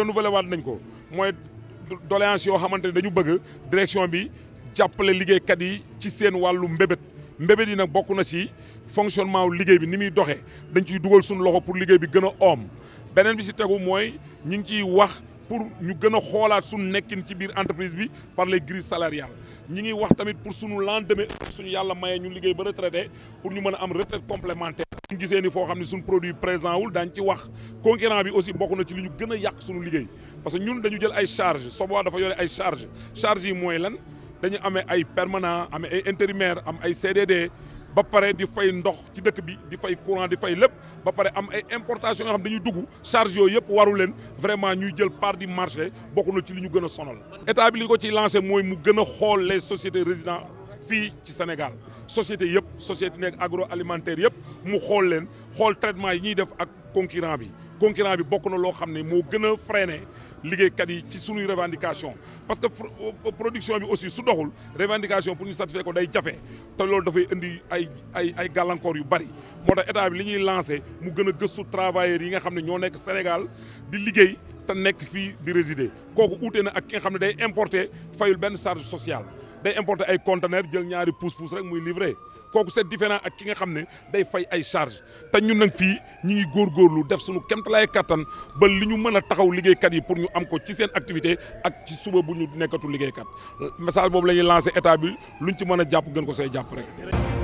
renouvelé waat nañ ko mooy doléance yoo xamante ne dañu bëgg direction bi jàppale liggéeykat yi ci seen wàllu mbébét mbébét yi nag bokk na ci fonctionnement liggéey bi ni muy doxee dañ ciy dugal suñu loxo pour liggéey bi gën a oom beneen bi ci tegu mooy ñu ngi ciy wax pour ñu gën a xoolaat suñu nekkin ci biir entreprise bi par les grilles salariales ñi ngi wax tamit pour suñu lendemain suñu yàlla mayee ñu liggéey ba retraité pour ñu mën a am retraite complémentaire ñu gisee ni foo xam ne suñu produit présent wul daañ ci wax concurrent bi aussi bokk na ci li ñu gën a yàq suñu liggéey parce que ñun dañu jël ay charge Soboa dafa yore ay charge charge yi mooy lan dañu amee ay permanent amee ay intérimaire am ay CDD ba pare di fay ndox ci dëkk bi di fay courant di fay lépp ba pare am ay importation nga xam dañuy dugg charge yooyu yëpp waru leen vraiment ñuy jël part du marché bokk na ci li ñu gën a sonal. état bi li ko ciy lancé mooy mu gën a xool les sociétés résidents fii ci Sénégal société yëpp société nekk agroalimentaire yëpp mu xool leen xool traitement yi ñuy def ak. concurant bi concurrent bi bokk na loo xam ne moo gën a freiné liggéeykat yi ci suñuy revendication parce que euh, production bi aussi su doxul revendication pour ñu satisfaire ko day jafe te loolu dafay indi ay ay ay gàllankoor yu bari moo tax état bi li ñuy lancé mu gën a gëstu travailleurs yi nga xam ne ñoo nekk Sénégal di liggéey ta nekk fii di résider kooku uute na ak ki nga xam ne day importer fayul benn charge social day importer ay conteneur jël ñaari pousse-pousse rek muy livré kooku c'est différent ak ki nga xam ne day fay ay charge te ñun nag fii ñu ngi góorgóorlu def suñu kemtalaay kattan ba lu ñu mën a taxaw liggéeykat yi pour ñu am ko ci seen activité ak ci suba bu ñu nekkatu liggéey kat message boobu la ñuy lancé état bi luñ ci mën a jàpp gën ko see jàpp rek